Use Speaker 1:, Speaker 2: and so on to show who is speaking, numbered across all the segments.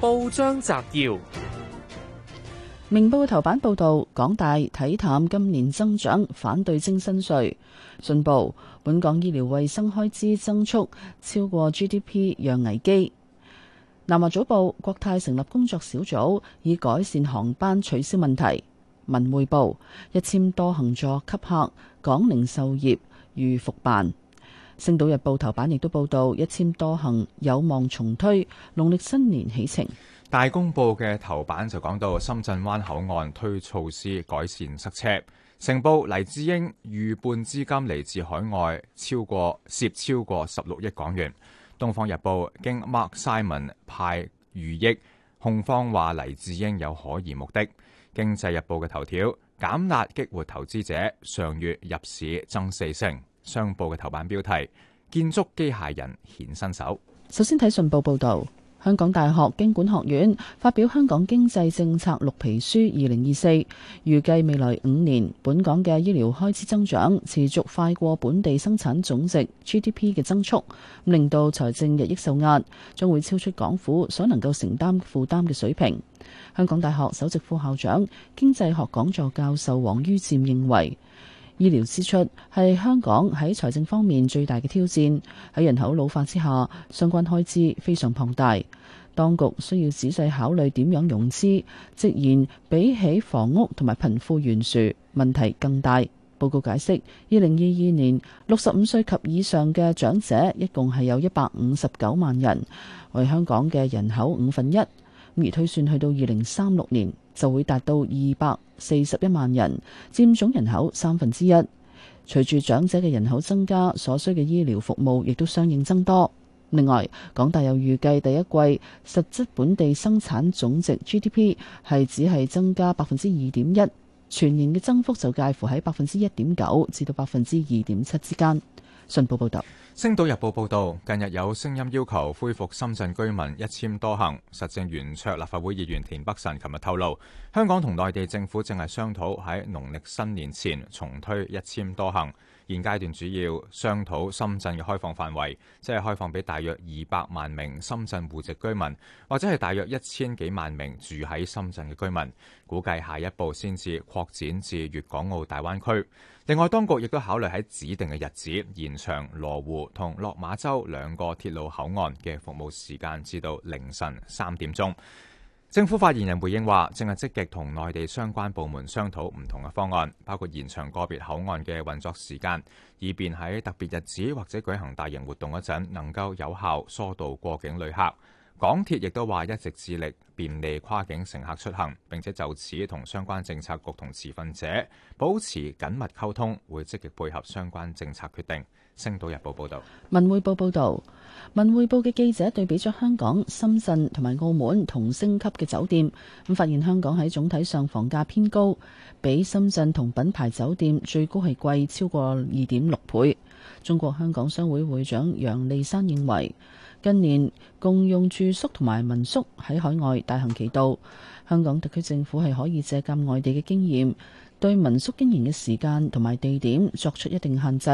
Speaker 1: 報章摘要：明報頭版報道，港大睇淡今年增長，反對徵新稅進步。本港醫療衛生開支增速超過 GDP，讓危機。南華早報，國泰成立工作小組以改善航班取消問題。文匯報，一簽多行座給客。港零售業遇復辦。《星島日報》頭版亦都報道，一簽多行有望重推，農曆新年起程。
Speaker 2: 《大公報》嘅頭版就講到，深圳灣口岸推措施改善塞車。《成報》黎智英逾半資金嚟自海外，超過涉超過十六億港元。《東方日報》經 Mark Simon 派逾億，控方話黎智英有可疑目的。《經濟日報》嘅頭條減壓激活投資者，上月入市增四成。商報嘅頭版標題：建築機械人顯身手。
Speaker 1: 首先睇信報報道，香港大學經管學院發表《香港經濟政策綠皮書》二零二四，預計未來五年本港嘅醫療開支增長持續快過本地生產總值 GDP 嘅增速，令到財政日益受壓，將會超出港府所能夠承擔負擔嘅水平。香港大學首席副校長、經濟學講座教授王於漸認為，醫療支出係香港喺財政方面最大嘅挑戰，喺人口老化之下，相關開支非常龐大。當局需要仔細考慮點樣融資，直言比起房屋同埋貧富懸殊問題更大。報告解釋，二零二二年六十五歲及以上嘅長者一共係有一百五十九萬人，為香港嘅人口五分一，而推算去到二零三六年。就會達到二百四十一萬人，佔總人口三分之一。隨住長者嘅人口增加，所需嘅醫療服務亦都相應增多。另外，港大又預計第一季實質本地生產總值 GDP 係只係增加百分之二點一，全年嘅增幅就介乎喺百分之一點九至到百分之二點七之間。信報報道。星
Speaker 2: 島日報報道，近日有聲音要求恢復深圳居民一簽多行。實政圓桌立法會議員田北辰琴日透露，香港同內地政府正係商討喺農曆新年前重推一簽多行。現階段主要商討深圳嘅開放範圍，即係開放畀大約二百萬名深圳戶籍居民，或者係大約一千幾萬名住喺深圳嘅居民。估計下一步先至擴展至粵港澳大灣區。另外，當局亦都考慮喺指定嘅日子延長羅湖同落馬洲兩個鐵路口岸嘅服務時間，至到凌晨三點鐘。政府發言人回應話，正係積極同內地相關部門商討唔同嘅方案，包括延長個別口岸嘅運作時間，以便喺特別日子或者舉行大型活動嗰陣能夠有效疏導過境旅客。港鐵亦都話一直致力便利跨境乘客出行，並且就此同相關政策局同持份者保持緊密溝通，會積極配合相關政策決定。星島日報報導，
Speaker 1: 文匯報報導，文匯報嘅記者對比咗香港、深圳同埋澳門同星級嘅酒店，咁發現香港喺總體上房價偏高，比深圳同品牌酒店最高係貴超過二點六倍。中國香港商會會長楊莉珊認為，近年共用住宿同埋民宿喺海外大行其道，香港特區政府係可以借鑑外地嘅經驗。對民宿經營嘅時間同埋地點作出一定限制，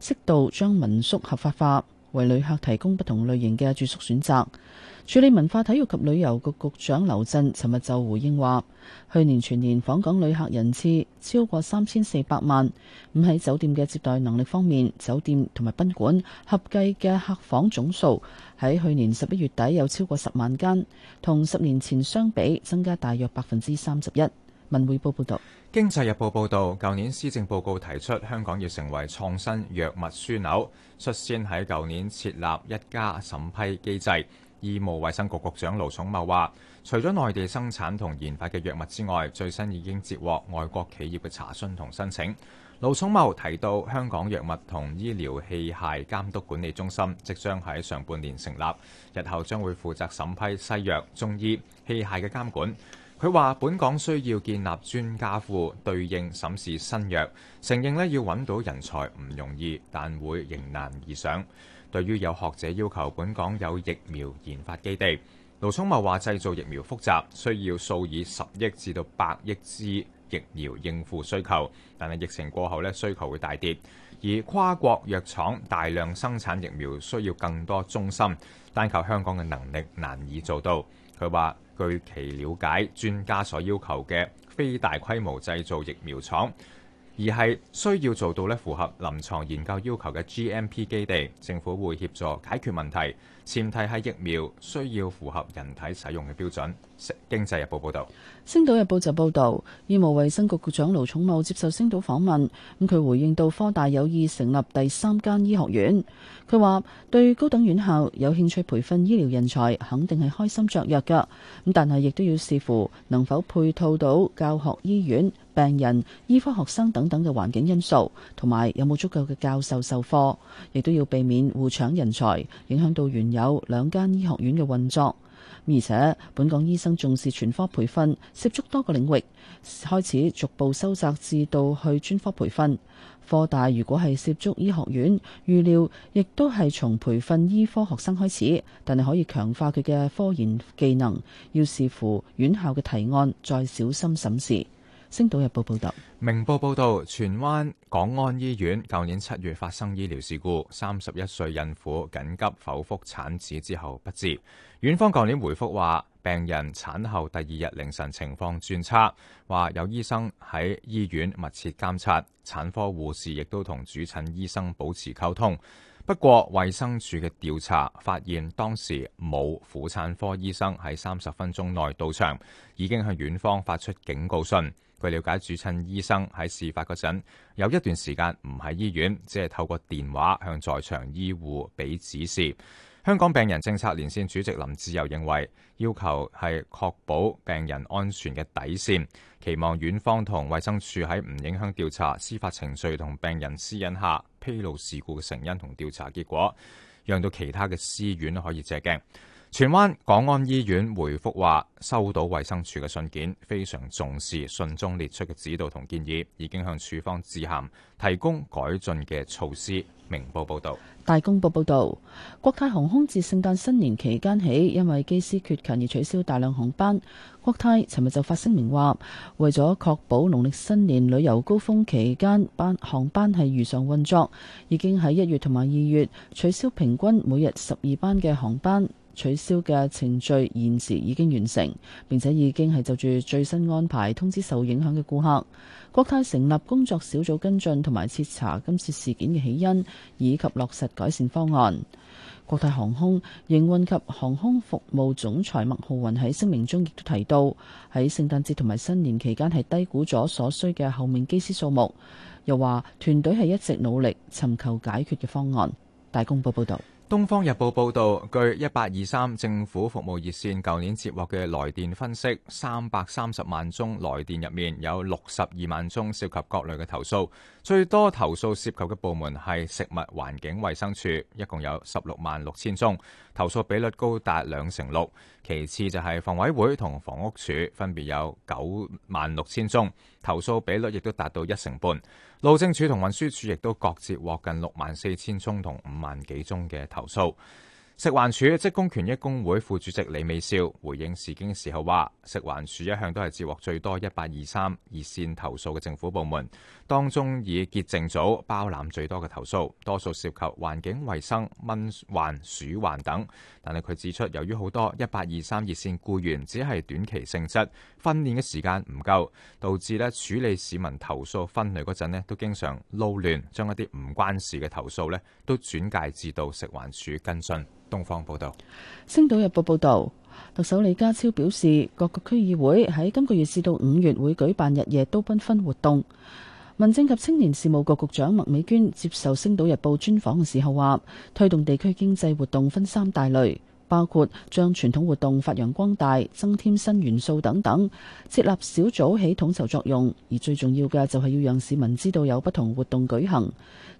Speaker 1: 適度將民宿合法化，為旅客提供不同類型嘅住宿選擇。處理文化體育及旅遊局局長劉振尋日就回應話，去年全年訪港旅客人次超過三千四百萬。咁喺酒店嘅接待能力方面，酒店同埋賓館合計嘅客房總數喺去年十一月底有超過十萬間，同十年前相比增加大約百分之三十一。文匯報報道。
Speaker 2: 《經濟日報》報導，舊年施政報告提出，香港要成為創新藥物樞紐，率先喺舊年設立一家審批機制。醫務衛生局局長盧寵茂話，除咗內地生產同研發嘅藥物之外，最新已經接獲外國企業嘅查詢同申請。盧寵茂提到，香港藥物同醫療器械監督管理中心即將喺上半年成立，日後將會負責審批西藥、中醫、器械嘅監管。佢話：本港需要建立專家庫對應審視新藥，承認咧要揾到人才唔容易，但會迎難而上。對於有學者要求本港有疫苗研發基地，盧寵茂話：製造疫苗複雜，需要數以十億至到百億支疫苗應付需求，但係疫情過後咧需求會大跌。而跨國藥廠大量生產疫苗需要更多中心，單靠香港嘅能力難以做到。佢話：據其了解，專家所要求嘅非大規模製造疫苗廠，而係需要做到咧符合臨床研究要求嘅 GMP 基地。政府會協助解決問題，前提係疫苗需要符合人體使用嘅標準。《經濟日報》報導，
Speaker 1: 《星島日報》就報導，醫務衛生局局長盧寵茂接受《星島》訪問，咁佢回應到科大有意成立第三間醫學院，佢話對高等院校有興趣培訓醫療人才，肯定係開心雀躍嘅，咁但係亦都要視乎能否配套到教學醫院、病人、醫科學生等等嘅環境因素，同埋有冇足夠嘅教授授課，亦都要避免互搶人才，影響到原有兩間醫學院嘅運作。而且，本港醫生重視全科培訓，涉足多個領域，開始逐步收窄至到去專科培訓。科大如果係涉足醫學院，預料亦都係從培訓醫科學生開始，但係可以強化佢嘅科研技能，要視乎院校嘅提案，再小心審視。星島日報報道，明報報
Speaker 2: 道，荃灣港安醫院舊年七月發生醫療事故，三十一歲孕婦緊急剖腹產子之後不治。院方舊年回覆話，病人產後第二日凌晨情況轉差，話有醫生喺醫院密切監察，產科護士亦都同主診醫生保持溝通。不過，衛生署嘅調查發現，當時冇婦產科醫生喺三十分鐘內到場，已經向院方發出警告信。據了解，主診醫生喺事發嗰陣有一段時間唔喺醫院，只係透過電話向在場醫護俾指示。香港病人政策連線主席林志又認為，要求係確保病人安全嘅底線，期望院方同衛生署喺唔影響調查、司法程序同病人私隱下，披露事故嘅成因同調查結果，讓到其他嘅私院可以借鏡。荃灣港安醫院回覆話，收到衛生署嘅信件，非常重視信中列出嘅指導同建議，已經向署方致函提供改進嘅措施。明報報道。
Speaker 1: 大公報報道，國泰航空自聖誕新年期間起，因為機師缺勤而取消大量航班。國泰尋日就發聲明話，為咗確保農曆新年旅遊高峰期間班航班係如常運作，已經喺一月同埋二月取消平均每日十二班嘅航班。取消嘅程序現時已經完成，並且已經係就住最新安排通知受影響嘅顧客。國泰成立工作小組跟進同埋徹查今次事件嘅起因，以及落實改善方案。國泰航空營運及航空服務總裁麥浩雲喺聲明中亦都提到，喺聖誕節同埋新年期間係低估咗所需嘅後面機師數目，又話團隊係一直努力尋求解決嘅方案。大公報報道。
Speaker 2: 《東方日報》報道，據1823政府服務熱線舊年接獲嘅來電分析，三百三十萬宗來電入面有六十二萬宗涉及各類嘅投訴，最多投訴涉及嘅部門係食物環境衛生署，一共有十六萬六千宗，投訴比率高達兩成六，其次就係房委會同房屋署，分別有九萬六千宗，投訴比率亦都達到一成半。路政署同運輸署亦都各接獲近六萬四千宗同五萬幾宗嘅投訴。食環署職工權益工會副主席李美少回應事件嘅時候話：食環署一向都係接獲最多一八二三熱線投訴嘅政府部門。當中以潔淨組包攬最多嘅投訴，多數涉及環境衛生、蚊患、鼠患等。但係佢指出，由於好多一八二三熱線僱員只係短期性質，訓練嘅時間唔夠，導致咧處理市民投訴分類嗰陣呢都經常撈亂，將一啲唔關事嘅投訴呢都轉介至到食環署跟進。東方報道、
Speaker 1: 星島日報報道，特首李家超表示，各個區議會喺今個月至到五月會舉辦日夜都繽紛，紛活動。民政及青年事務局局長麥美娟接受《星島日報》專訪嘅時候話，推動地區經濟活動分三大類，包括將傳統活動發揚光大、增添新元素等等。設立小組起統籌作用，而最重要嘅就係要讓市民知道有不同活動舉行。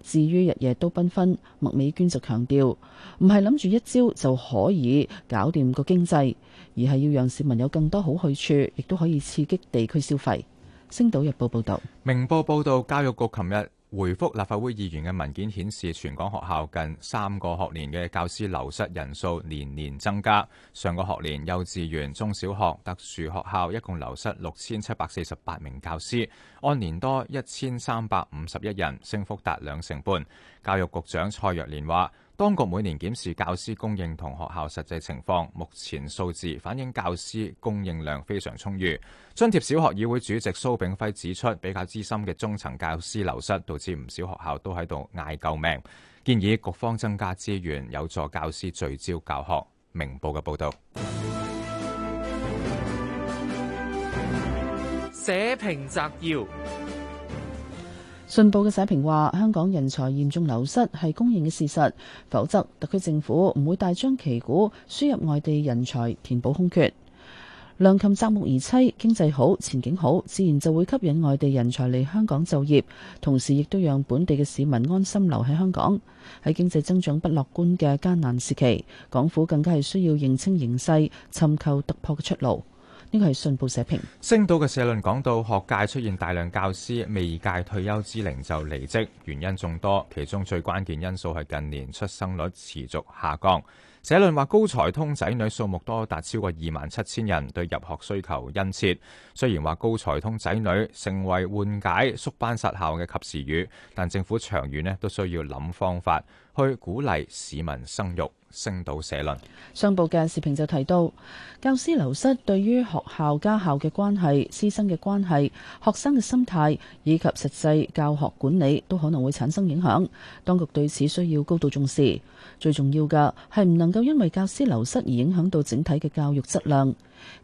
Speaker 1: 至於日夜都繽紛，麥美娟就強調，唔係諗住一朝就可以搞掂個經濟，而係要讓市民有更多好去處，亦都可以刺激地區消費。星島日報報道。
Speaker 2: 明報報道，教育局琴日回覆立法會議員嘅文件顯示，全港學校近三個學年嘅教師流失人數年年增加。上個學年、幼稚園、中小學、特殊學校一共流失六千七百四十八名教師，按年多一千三百五十一人，升幅達兩成半。教育局長蔡若蓮話。當局每年檢視教師供應同學校實際情況，目前數字反映教師供應量非常充裕。津貼小學議會主席蘇炳輝指出，比較資深嘅中層教師流失，導致唔少學校都喺度嗌救命，建議局方增加資源，有助教師聚焦教學。明報嘅報導。社評摘要。
Speaker 1: 信報嘅社評話：香港人才嚴重流失係公認嘅事實，否則特區政府唔會大張旗鼓輸入外地人才填補空缺。良禽擇木而棲，經濟好前景好，自然就會吸引外地人才嚟香港就業，同時亦都讓本地嘅市民安心留喺香港。喺經濟增長不樂觀嘅艱難時期，港府更加係需要認清形勢，尋求突破嘅出路。呢個係信報社評，
Speaker 2: 星島嘅社論講到學界出現大量教師未屆退休之齡就離職，原因眾多，其中最關鍵因素係近年出生率持續下降。社論話高才通仔女數目多達超過二萬七千人，對入學需求殷切。雖然話高才通仔女成為緩解縮班失效嘅及時雨，但政府長遠呢都需要諗方法。去鼓勵市民生育，星島社論。
Speaker 1: 商報嘅視頻就提到，教師流失對於學校、家校嘅關係、師生嘅關係、學生嘅心態以及實際教學管理都可能會產生影響。當局對此需要高度重視。最重要嘅係唔能夠因為教師流失而影響到整體嘅教育質量。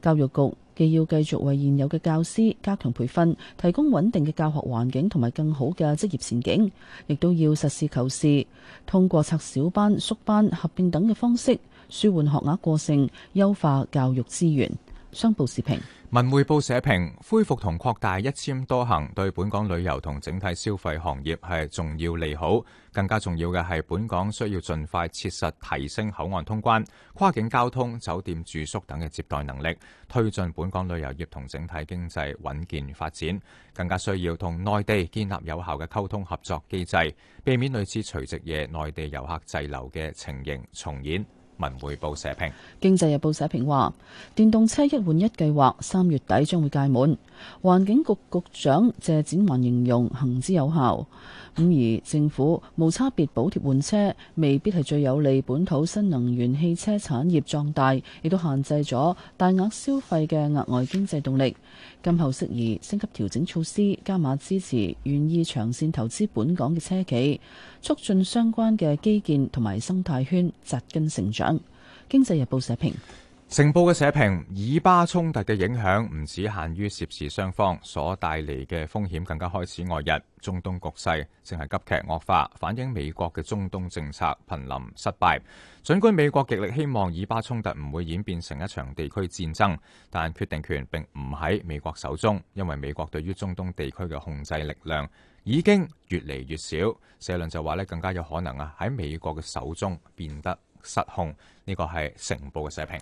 Speaker 1: 教育局既要繼續為現有嘅教師加強培訓，提供穩定嘅教學環境同埋更好嘅職業前景，亦都要實事求是，通過拆小班、縮班、合併等嘅方式，舒緩學額過剩，優化教育資源。商報視評，
Speaker 2: 文匯報社評：恢復同擴大一簽多行，對本港旅遊同整體消費行業係重要利好。更加重要嘅係，本港需要盡快切實提升口岸通關、跨境交通、酒店住宿等嘅接待能力，推進本港旅遊業同整體經濟穩健發展。更加需要同內地建立有效嘅溝通合作機制，避免類似除夕夜內地遊客滯留嘅情形重演。《文匯報》社評，
Speaker 1: 《經濟日報》社評話：電動車一換一計劃三月底將會屆滿，環境局局長謝展寰形容行之有效。咁而政府無差別補貼換車，未必係最有利本土新能源汽車產業壯大，亦都限制咗大額消費嘅額外經濟動力。今後適宜升級調整措施，加碼支持願意長線投資本港嘅車企，促進相關嘅基建同埋生態圈扎根成長。經濟日報社評：成報嘅社評，以巴衝
Speaker 2: 突嘅影響唔止限於涉事雙方所帶嚟嘅風險，更加開始外溢。中東局勢正係急劇惡化，反映美國嘅中東政策瀕臨失敗。盡管美國極力希望以巴衝突唔會演變成一場地區戰爭，但決定權並唔喺美國手中，因為美國對於中東地區嘅控制力量已經越嚟越少。社論就話呢，更加有可能啊喺美國嘅手中變得。失控，呢個係成報嘅社評。